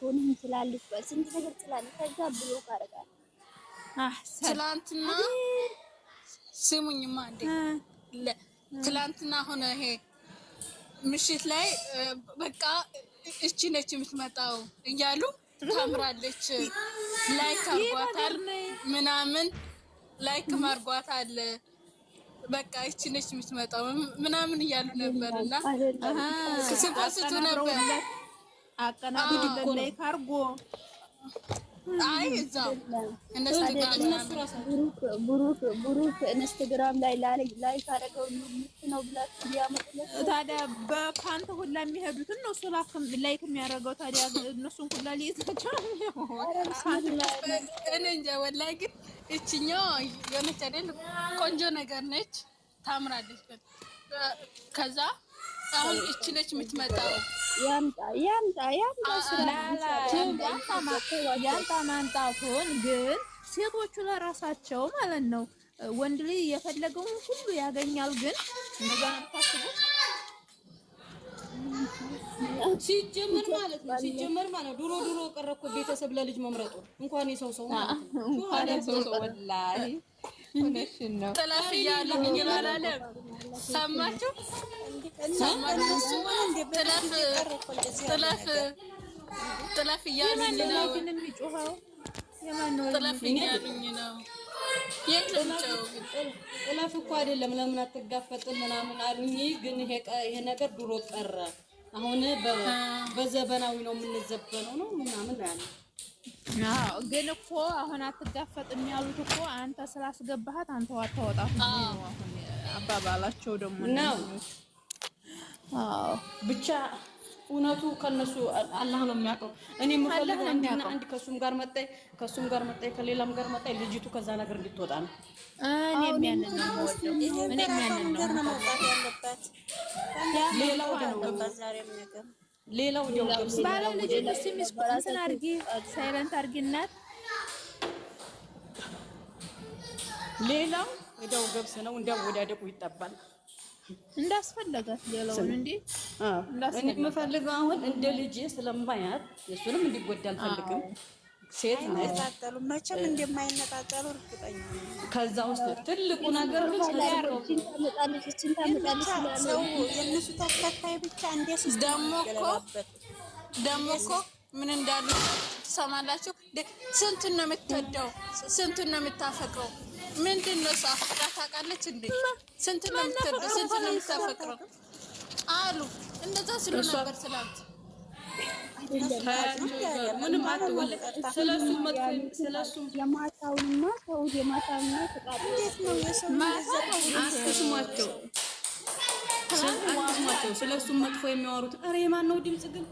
ልትሆን ትችላለች። ስንት ነገር ትላለች። ከዛ ብሎ ካረጋል ትላንትና ስሙኝማ እንዴ ትላንትና ሆነ ይሄ ምሽት ላይ በቃ እቺ ነች የምትመጣው እያሉ ታምራለች፣ ላይክ አርጓታል ምናምን ላይክ ማርጓታል በቃ እቺ ነች የምትመጣው ምናምን እያሉ ነበርና ስፖስቱ ነበር። አቀናብሩልን ካርጎ ብሩክ ኢንስታግራም ላይ ላይክ አደረገው ታዲያ በፓንት ሁላ የሚሄዱትን ነው እሱ ላይክ የሚያደርገው ታዲያ እነሱን ሁላ ሊይዛቸው ግን እችኛዋ የሆነች አይደል ቆንጆ ነገር ነች፣ ታምራለች። ከዛ አሁን እቺ ነች የምትመጣው። ግን ሴቶቹ ለራሳቸው ማለት ነው። ወንድ ልጅ የፈለገው ሁሉ ያገኛል። ግን እንደዛ አታስቡት። ሲጀመር ማለት ነው ሲጀመር ማለት ድሮ ድሮ ቀረ እኮ ቤተሰብ ለልጅ መምረጡ እንኳን የሰው ሰው እንኳን የሰው ሰው ወላሂ ነው። ሰማችሁ ጥለፍ እኮ አይደለም። ለምን አትጋፈጥም ምናምን አሉኝ። ግን ይሄ ነገር ድሮ ቀረ። አሁን በዘበናዊ ነው የምንዘበነው ነው ምናምን ያለ ግን እኮ አሁን አትጋፈጥም ያሉት እኮ አንተ ስላስገባሃት አንተ አታወጣት ነው አሁን አባባላቸው ደግሞ ነው። ብቻ እውነቱ ከነሱ አላህ ነው የሚያውቀው። እኔ የምፈልገው አንድና አንድ ከሱም ጋር መጣይ ከሱም ጋር መጣይ ከሌላም ጋር መጣይ ልጅቱ ከዛ ነገር እንድትወጣ ነው። ነው ነው ሌላው ሌላው ገብስ ነው። እንዳወዳደቁ ይጠባል። እንዳስፈለጋት ሌላውን እንዴ እኔ የምፈልገው አሁን እንደ ልጄ ስለማያት የሱንም እንዲጎዳ አልፈልግም። ሴት ነች፣ መቼም እንደማይነጣጠሉ እርግጠኛ ከዛ ውስጥ ትልቁ ነገር የእነሱ ተከታይ ብቻ እኮ ምን እንዳሉ ትሰማላችሁ። ስንቱን ነው የምትወደው? ስንቱን ነው የምታፈቅረው? ምንድን ነው ሰው አፍቅራ ታውቃለች እንዴ? ስንቱን ነው የምትወደው? ስንቱን ነው የምታፈቅረው አሉ። እንደዛ ስሉ ነበር ስላት ምንም አትወል ስለሱም ስለሱም የማታውንና ሰው የማታውንና ተቃጥሎ ነው የሰው አስስማቸው ናቸው ስለ እሱም መጥፎ የሚያወሩት። ኧረ የማን ነው ድምፅ ግን?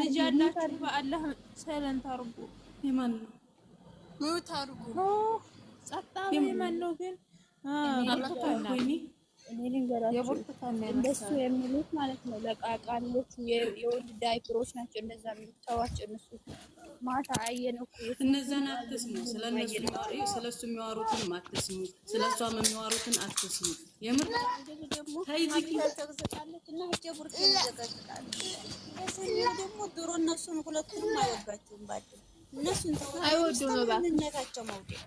ልጅ ያላችሁ በአላህ ሰለንት አድርጉ። የማን ነው ሚውት አድርጉ። ጸጥ የማን ነው ግን? እኔ ልንገራችሁ እንደሱ የሚሉት ማለት ነው ለቃቃሚዎቹ የወንድ ዳይፕሮች ናቸው። እንደዛ የሚታዋቸው እነሱ ማታ አየን እኮ እነዛን አትስሙ። ስለሱ የሚዋሩትን አትስሙ። ስለሷም የሚዋሩትን አትስሙ። የምር ደግሞ ድሮ እነሱን ሁለቱንም አይወዷቸውም። ባድ እነሱን አይወዱ ነታቸው መውደድ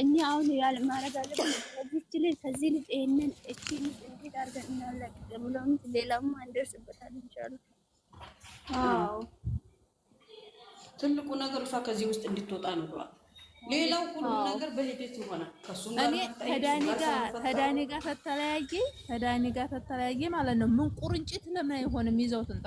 እኛ አሁን ያለ ማድረግ አለብን። ከዚች ልጅ ከዚህ ልጅ እቺ ልጅ እንዴት አድርገን ብለውም ሌላማ እንደርስበታል ትልቁ ነገር እሷ ከዚህ ውስጥ እንድትወጣ ነው ብሏል። ሌላው ሁሉ ነገር በሂደት ይሆናል። ከሱ ጋር ጋር ከዳኒ ጋር ተተለያየ ከዳኒ ጋር ተተለያየ ማለት ነው። ምን ቁርንጭት ለምን አይሆንም? ይዘው ትንጣ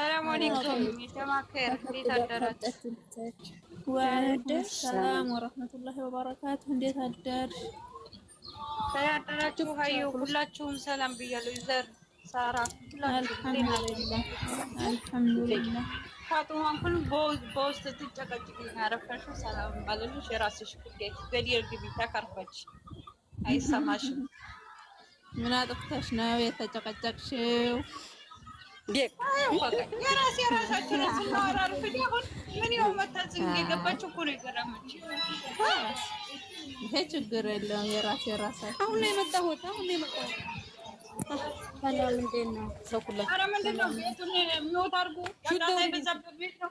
ሰላም አለይኩም የተማከር እንዴት አደራችሁ? ወአለይኩም ሰላም ወራህመቱላሂ ወበረካቱ። እንዴት አደርሽ? አደራችሁ ሀዩ ሁላችሁም ሰላም ብያለሁ። ይዘር ሳራ ሁላችሁም አልሐምዱሊላህ። ፋጡማን ሁሉ በውስጥ ትጨቀጭቅኝ አረፈሽው ሰላም ባለልሽ የራስሽ ጉዳይ ገዲር ግቢ ተከርፈች አይሰማሽም። ምን አጥፍተሽ ነው የተጨቀጨቅሽው? የራስ የራሳችን ስናወራር እንግዲህ አሁን ምን ያው መታዝ የገባች እኮ ነው የገረመች። ችግር የለውም። የራስ የራሳችን አሁን ላይ መጣሁት አሁን ላይ መጣሁት። ሰላም እንዴት ነው? ሰው ሁላ ኧረ ምንድን ነው ቤቱን የሚወጣ አድርጎ ዳታ የበዛበት ቤት ነው።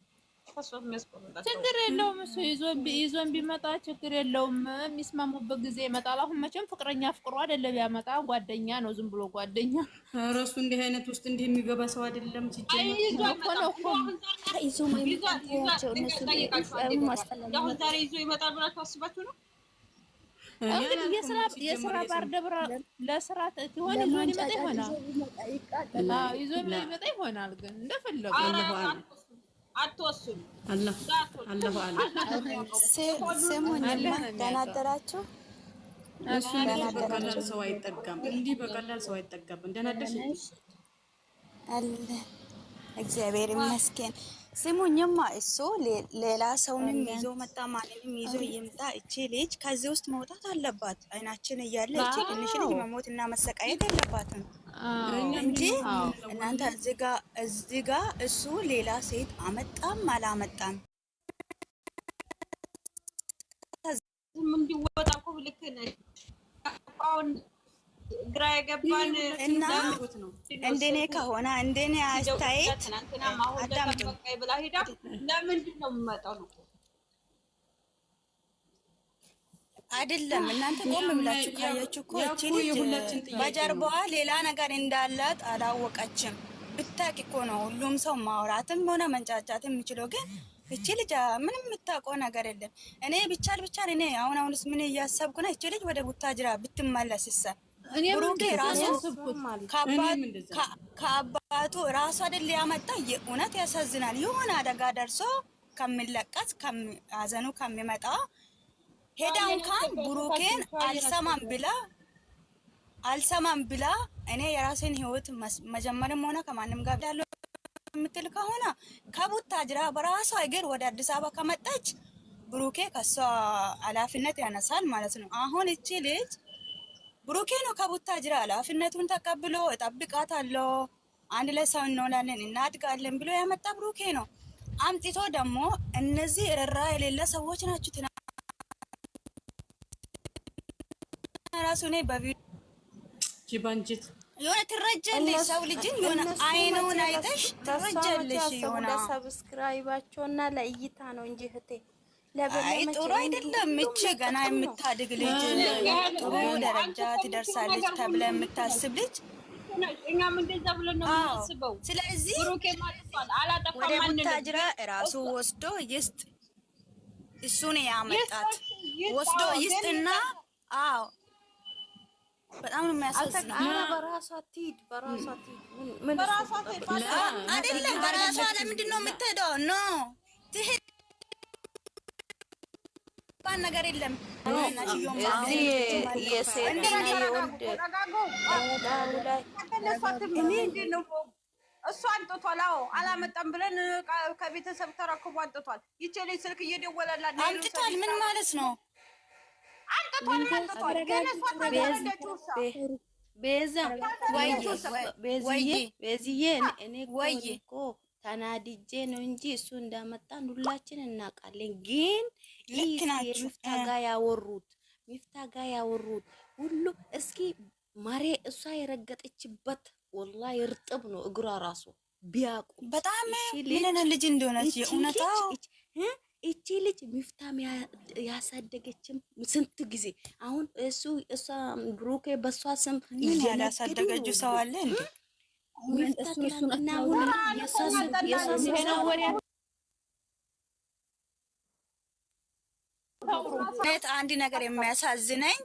ችግር የለውም። እሱ ይዞን ቢመጣ ችግር የለውም። የሚስማሙበት ጊዜ ይመጣል። አሁን መቼም ፍቅረኛ ፍቅሩ አይደለም ቢያመጣ ጓደኛ ነው፣ ዝም ብሎ ጓደኛ። ኧረ እንዲህ አይነት ውስጥ እንዲህ የሚገባ ሰው አይደለም። ዛሬ ነው የስራ የስራ ባርደብራ ለስራ ትሆን ይዞ ይመጣ ይሆናል። ይዞ ይመጣ ይሆናል ግን እንደፈለጉ አትወስኑ። ስሙኝማ፣ ደህና አደራችሁ። እሱ በቀላል ሰው አይጠጋም፣ እንዲህ በቀላል ሰው አይጠጋም። ደህና አደርሽ አለ እግዚአብሔር ይመስገን። ስሙኝማ፣ እሱ ሌላ ሰውንም ይዞ መጣ፣ ማንንም ይዞ ይምጣ፣ እቺ ልጅ ከዚህ ውስጥ መውጣት አለባት። አይናችን እያለ እቺ ትንሽ ልጅ መሞት እና መሰቃየት የለባትም። እንጂ እናንተ እዚህ ጋ እሱ ሌላ ሴት አመጣም አላመጣም እንዲወጣ እኮ ልክ ግራ የገባን እና እንደኔ ከሆነ እንደኔ አስተያየት ለምንድን ነው የምመጣው ነው አይደለም እናንተ ቆም ብላችሁ ካያችሁ እኮ እቺ በጀርባዋ ሌላ ነገር እንዳላት አላወቀችም። ብታቅ እኮ ነው ሁሉም ሰው ማውራትም ሆነ መንጫጫት የሚችለው። ግን እቺ ልጅ ምንም የምታውቀው ነገር የለም። እኔ ብቻል ብቻል እኔ አሁን አሁንስ ምን እያሰብኩ ነው? እቺ ልጅ ወደ ቡታጅራ ብትመለስ ይሰል ብሩኬ ራሱ ከአባቱ ራሱ አይደል ያመጣ። የእውነት ያሳዝናል። የሆነ አደጋ ደርሶ ከሚለቀስ አዘኑ ከሚመጣ ሄዳ እንኳን ብሩኬን አልሰማም ብላ አልሰማም ብላ እኔ የራሴን ህይወት መጀመርም ሆነ ከማንም ጋር ያለው የምትል ከሆነ ከቡታጅራ በራሷ እግር ወደ አዲስ አበባ ከመጣች ብሩኬ ከሷ ኃላፊነት ያነሳል ማለት ነው። አሁን እቺ ልጅ ብሩኬ ነው ከቡታጅራ ኃላፊነቱን ተቀብሎ እጠብቃታለሁ፣ አንድ ላይ ሰው እንሆናለን እናድጋለን ብሎ ያመጣ ብሩኬ ነው። አምጥቶ ደግሞ እነዚህ እረራ የሌለ ሰዎች ናችሁ ራሱ እኔ የሆነ ትረጃለሽ ሰው ልጅን የሆነ አይነውን አይተሽ ትረጃለሽ። የሆነ ሰብስክራይባቸውና ለእይታ ነው እንጂ እህቴ ጥሩ አይደለም። እች ገና የምታድግ ልጅ ጥሩ ደረጃ ትደርሳለች ተብለ የምታስብ ልጅ እኛም እንደዛ ብለን ነው የምናስበው። ስለዚህ ወደ ቡታጅራ እራሱ ወስዶ ይስጥ። እሱን ያመጣት ወስዶ ይስጥና አዎ በጣም ነው የሚያሳዝነው። በራሷ አትሂድ፣ በራሷ አትሂድ። በራሷ አይደለም በራሷ ለምንድን ነው የምትሄደው? ኖ ትሄድ ነገር የለም። የሴትና አዎ አላመጣም ብለን ከቤተሰብ ተረክቦ አንጥቷል። ይቼ ስልክ እየደወለላት አንጥቷል። ምን ማለት ነው? ቤዛ ተናድጄ ነው እንጂ እሱ እንዳመጣን ሁላችን እናውቃለን። ግን ይህ ጋ ያወሩት ሚፍታ ጋ ያወሩት ሁሉ እስኪ ማሬ እሷ የረገጠችበት ወላ እርጥብ ነው እግሯ ራሱ ቢያውቁ በጣም ልጅ እንደሆነች የእውነታው እቺ ልጅ ሚፍታም ያሳደገችም ስንት ጊዜ አሁን እሱ እሷ ብሩኬ በእሷ ስም ያላሳደገች ሰው አለ እንዴ? አንድ ነገር የሚያሳዝነኝ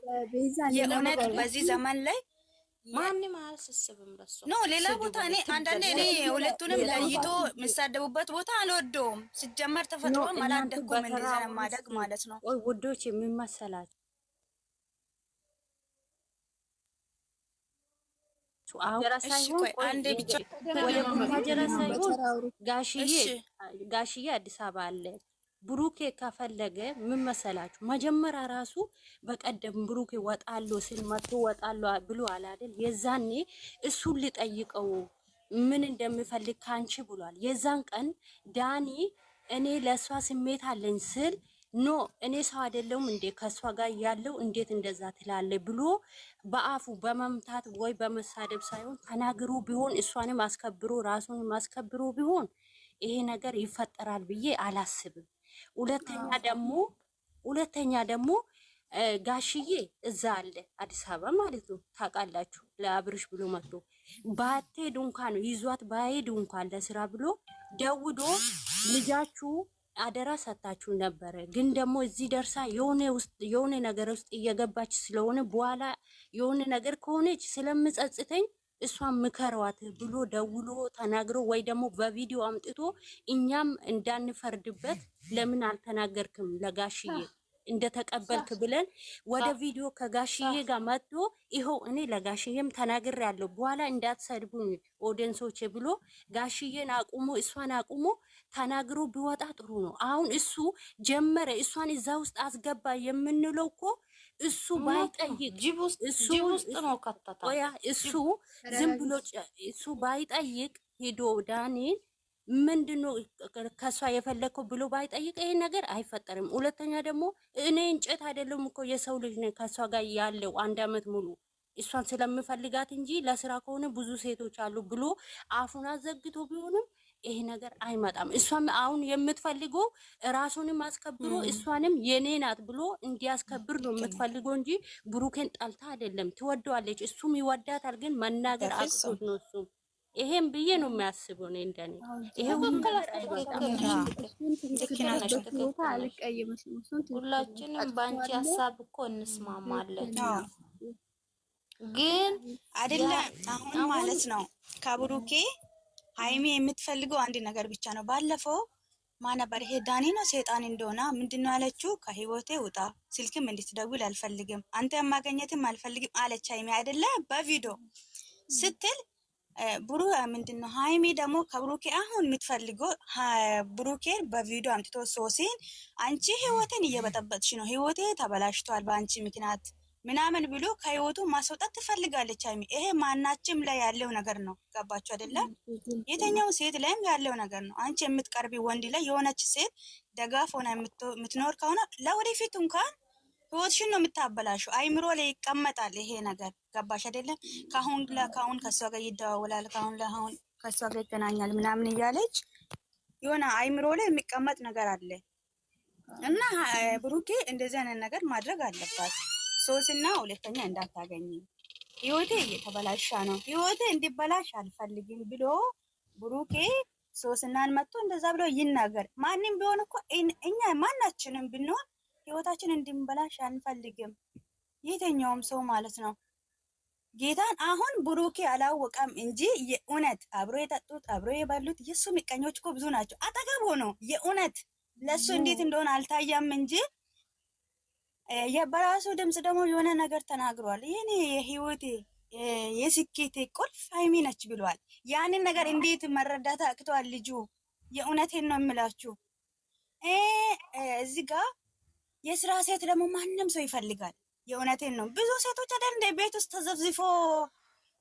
የእውነት በዚህ ዘመን ላይ ማንም አያስስብም ለሱ ኖ ሌላ ቦታ እኔ አንዳንዴ እኔ ሁለቱንም ለይቶ የምሳደቡበት ቦታ አልወደውም። ሲጀመር ተፈጥሮም አላደግኩም እንደዚያ ለማደግ ማለት ነው። ወይ ውዶች የሚመሰላት ጋሽዬ ጋሽዬ አዲስ አበባ አለ ብሩኬ ከፈለገ ምን መሰላችሁ፣ መጀመሪያ ራሱ በቀደም ብሩኬ ወጣሎ ስል መጥቶ ወጣሎ ብሎ አላደል? የዛኔ እሱን ልጠይቀው ምን እንደሚፈልግ ካንቺ ብሏል። የዛን ቀን ዳኒ እኔ ለእሷ ስሜት አለኝ ስል ኖ እኔ ሰው አይደለሁም እንዴ ከእሷ ጋር ያለው እንዴት እንደዛ ትላለ ብሎ በአፉ በመምታት ወይ በመሳደብ ሳይሆን ተናግሮ ቢሆን እሷንም አስከብሮ ራሱንም አስከብሮ ቢሆን ይሄ ነገር ይፈጠራል ብዬ አላስብም። ሁለተኛ ደግሞ ሁለተኛ ደግሞ ጋሽዬ እዛ አለ አዲስ አበባ ማለት ነው። ታውቃላችሁ ለአብርሽ ብሎ መጥቶ ባትሄዱ እንኳን ይዟት ባሄዱ እንኳን ለስራ ብሎ ደውዶ ልጃችሁ አደራ ሰታችሁ ነበረ፣ ግን ደግሞ እዚህ ደርሳ የሆነ ነገር ውስጥ እየገባች ስለሆነ በኋላ የሆነ ነገር ከሆነች ስለምጸጽተኝ እሷን ምከሯት ብሎ ደውሎ ተናግሮ ወይ ደግሞ በቪዲዮ አምጥቶ እኛም እንዳንፈርድበት ለምን አልተናገርክም ለጋሽዬ እንደተቀበልክ ብለን ወደ ቪዲዮ ከጋሽዬ ጋር መጥቶ ይኸው እኔ ለጋሽዬም ተናግር ያለው በኋላ እንዳትሰድቡኝ ኦዲየንሶች ብሎ ጋሽዬን አቁሞ እሷን አቁሞ ተናግሮ ቢወጣ ጥሩ ነው። አሁን እሱ ጀመረ እሷን እዛ ውስጥ አስገባ የምንለው እኮ እሱ ባይጠይቅ እሱ ዝም ብሎ እሱ ባይጠይቅ ሄዶ ዳኒን ምንድን ነው የፈለግከው ብሎ ባይጠይቅ ይሄ ነገር አይፈጠርም። ሁለተኛ ደግሞ እኔ እንጨት አይደለም እኮ የሰው ልጅ ነኝ ከእሷ ጋር ያለው አንድ አመት ሙሉ እሷን ስለምፈልጋት እንጂ ለስራ ከሆነ ብዙ ሴቶች አሉ ብሎ አፉን አዘግቶ ቢሆንም ይሄ ነገር አይመጣም። እሷም አሁን የምትፈልገው ራሱንም አስከብሮ እሷንም የኔ ናት ብሎ እንዲያስከብር ነው የምትፈልገው እንጂ ብሩኬን ጠልታ አይደለም። ትወደዋለች፣ እሱም ይወዳታል። ግን መናገር አቅቶት ነው እሱ ይሄን ብዬ ነው የሚያስበው ነው እንደኔ። ይሄ ሁላችንም በአንቺ ሀሳብ እኮ እንስማማለን ግን አይደለም አሁን ማለት ነው ከብሩኬ ሀይሚ የምትፈልገው አንድ ነገር ብቻ ነው። ባለፈው ማነበር ይሄ ዳኒ ነው ሴጣን እንደሆነ ምንድነው ያለችው? ከህይወቴ ውጣ፣ ስልክም እንድትደውል አልፈልግም፣ አንተ የማገኘትም አልፈልግም አለች ሀይሚ አይደለ? በቪዲዮ ስትል ብሩ ምንድነው ሀይሚ ደግሞ ከብሩኬ አሁን የምትፈልገው ብሩኬን በቪዲዮ አምጥቶ ሶሲን አንቺ ህይወቴን እየበጠበጥሽ ነው፣ ህይወቴ ተበላሽቷል በአንቺ ምክንያት ምናምን ብሎ ከህይወቱ ማስወጣት ትፈልጋለች ሀይሚ። ይሄ ማናችም ላይ ያለው ነገር ነው። ገባችሁ አይደለም? የተኛው ሴት ላይም ያለው ነገር ነው። አንቺ የምትቀርቢ ወንድ ላይ የሆነች ሴት ደጋፍ ሆና የምትኖር ከሆነ ለወደፊት እንኳን ህይወትሽን ነው የምታበላሹ። አይምሮ ላይ ይቀመጣል ይሄ ነገር። ገባሽ አይደለም? ከአሁን ለካሁን ከእሷ ጋር ይደዋወላል፣ ከአሁን ለአሁን ከእሷ ጋር ይገናኛል ምናምን እያለች የሆነ አይምሮ ላይ የሚቀመጥ ነገር አለ እና ብሩኬ እንደዚህ አይነት ነገር ማድረግ አለባት። ሶስና ሁለተኛ እንዳታገኝ ህይወቴ እየተበላሻ ነው፣ ህይወቴ እንዲበላሽ አልፈልግም ብሎ ብሩኬ ሶስናን መጥቶ እንደዛ ብሎ ይናገር። ማንም ቢሆን እኮ እኛ ማናችንም ብንሆን ህይወታችን እንዲበላሽ አንፈልግም፣ የትኛውም ሰው ማለት ነው። ጌታን አሁን ብሩኬ አላወቀም እንጂ የእውነት አብሮ የጠጡት አብሮ የበሉት የእሱ ምቀኞች እኮ ብዙ ናቸው። አጠገብ ሆኖ የእውነት ለእሱ እንዴት እንደሆነ አልታያም እንጂ በራሱ ድምፅ ደግሞ የሆነ ነገር ተናግሯል። ይህኔ የህይወቴ የስኬቴ ቁልፍ ሀይሚ ነች ብሏል። ያንን ነገር እንዴት መረዳት አቅቷል ልጁ? የእውነቴን ነው የምላችሁ። እዚህ ጋር የስራ ሴት ደግሞ ማንም ሰው ይፈልጋል። የእውነቴን ነው። ብዙ ሴቶች እንደ ቤት ውስጥ ተዘብዝፎ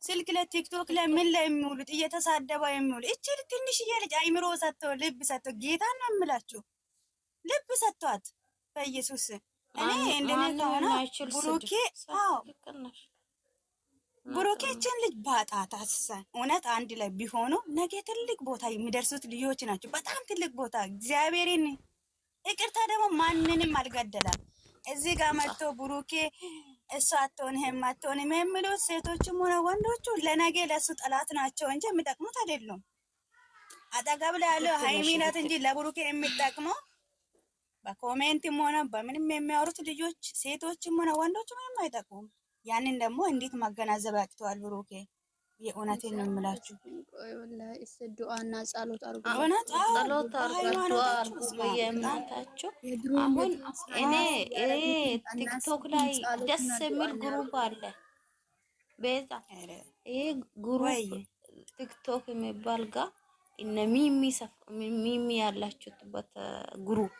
ስልክ ለቲክቶክ ለምን ላይ የሚውሉት እየተሳደባ የሚውሉ እችል ትንሽዬ ልጅ አይምሮ ሰጥቶ ልብ ሰጥቶ ጌታ ነው የምላችሁ ልብ ሰጥቷት በኢየሱስ እኔ እንደኔ ከሆነ ብሩኬ አዎ ብሩኬችን ልጅ ባጣታሳ እውነት አንድ ላይ ቢሆኑ ነገ ትልቅ ቦታ የሚደርሱት ልጆች ናቸው። በጣም ትልቅ ቦታ እግዚአብሔርን ይቅርታ ደግሞ ማንንም አልገደላል። እዚህ ጋር መጥቶ ብሩኬ እሱ አትሆንህም አትሆንም የሚሉት ሴቶችም ሆነ ወንዶቹ ለነገ ለእሱ ጠላት ናቸው እንጂ የሚጠቅሙት አይደሉም። አጠገብ ላይ ያለው ሀይሚናት እንጂ ለብሩኬ የሚጠቅመው በኮሜንትም ሆነ በምንም የሚያወሩት ልጆች ሴቶችም ሆነ ወንዶች ምንም አይጠቁም። ያንን ደግሞ እንዴት ማገናዘብ አቅተዋል? ብሩኬ የእውነቴን ነው የምላችሁ። ዱዓና ጸሎት አድርጉ፣ አሁን እኔ ቲክቶክ ላይ ደስ የሚል ግሩፕ አለ ቤዛ፣ ይህ ግሩፕ ቲክቶክ የሚባል ጋር እነ ሚሚ ያላችሁበት ግሩፕ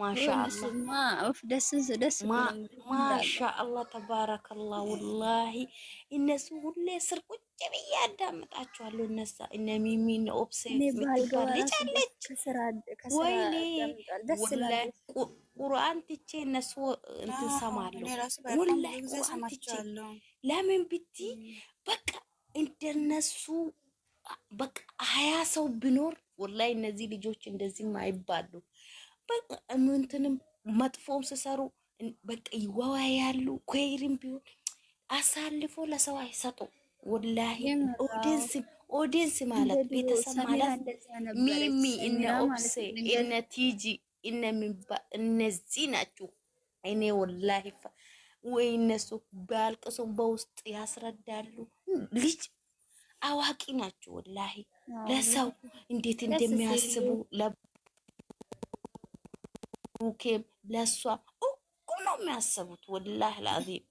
ማሻአላ ተባረከላ ወላሂ እነሱ ሁሌ ስር ቁጭ ብዬ አዳምጣችኋለሁ። እነሳ እነ ሚሚ እነ ቁርአን ትቼ እነሱ እንትን ሰማለሁ። ወላሂ ቁርአን ትቼ ለምን ብቲ በቃ እንደነሱ በቃ ሀያ ሰው ብኖር ወላሂ እነዚህ ልጆች እንደዚህም አይባሉ እንትንም መጥፎም ስሰሩ በቃ ይወያያሉ። ኮይሪም ቢሆን አሳልፎ ለሰው አይሰጡ። ወላሂ ኦዲንስ ኦዲንስ ማለት ቤተሰብ ማለት ሚሚ፣ እነ ኦብሴ፣ እነ ቲጂ፣ እነ ሚባ እነዚህ ናችሁ። እኔ ወላሂ ወይ እነሱ በአልቅሶ በውስጥ ያስረዳሉ። ልጅ አዋቂ ናችሁ። ወላሂ ለሰው እንዴት እንደሚያስቡ ቡኬም ለእሷ እቁም ነው የሚያሰቡት። ወላህ ለአዚም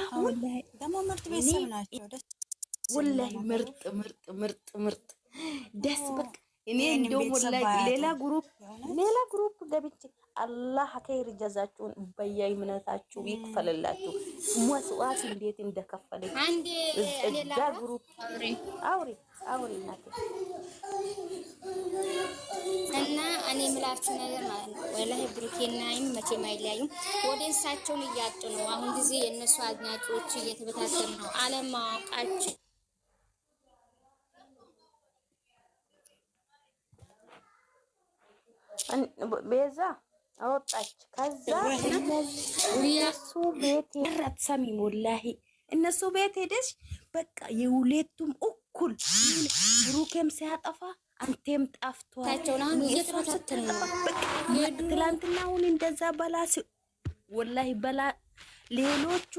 አሁን ደግሞ ምርጥ ቤተሰብ ናቸው። ወላሂ ምርጥ ምርጥ ምርጥ ምርጥ ደስ በቃ እኔ እንዲሁም ወላሂ ሌላ ግሩፕ ሌላ ግሩፕ ገብቼ አላህ ከይር ጀዛችሁን በየእምነታችሁ ይክፈልላችሁ። መስዋዕት እንዴት እንደከፈለች እዛ ግሩፕ አውሪ አውሪ እናቴ እና እኔ የምላችሁ ነገር ማለት ነው ወላሂ ብሩኬና አይም መቼም አይለያዩም። ወደ እንሳቸውን እያጡ ነው። አሁን ጊዜ የእነሱ አድናቂዎች እየተበታተኑ ነው። አለማወቃቸው ቤዛ አወጣች። ከዛ እነሱ ቤት ሰሚም ወላሂ እነሱ ቤት ሄደሽ በቃ የሁለቱም እኩል ብሩኬም ሲያጠፋ አንቴም ጠፍቷቸውን ትላንትና አሁን እንደዛ በላ ወላሂ በላ ሌሎቹ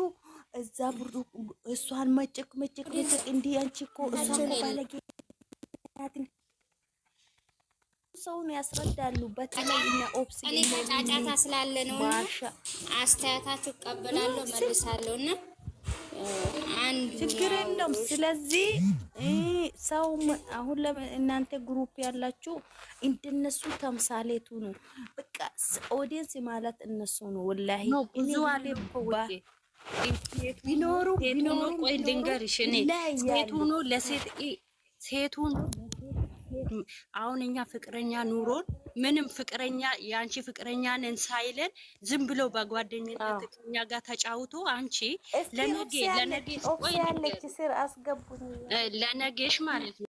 እዛ ብሩ እሷን መጭቅ መጭቅ መጭቅ እንዲህ አንቺ እኮ እሷን ባለጌ ሰውን ያስረዳሉ። በተለይ እኛ ኦፕስ ጫጫታ ስላለ ነው። አስተያየታችሁ እቀበላለሁ መልሳለሁ እና ችግር የለውም። ስለዚህ ሰው አሁን እናንተ ግሩፕ ያላችሁ እንደነሱ ተምሳሌቱ ነው። በቃ ኦዲየንስ ማለት እነሱ ነው። ወላሂ ቢኖሩ ቢኖሩ ቆይ ልንገርሽ እኔ ሴት ሆኖ ለሴት ሴት ሆኖ አሁን እኛ ፍቅረኛ ኑሮን ምንም ፍቅረኛ የአንቺ ፍቅረኛ ነን ሳይለን ዝም ብሎ በጓደኝነት ከኛ ጋር ተጫውቶ አንቺ ለነጌ ለነጌ ለነጌሽ ማለት ነው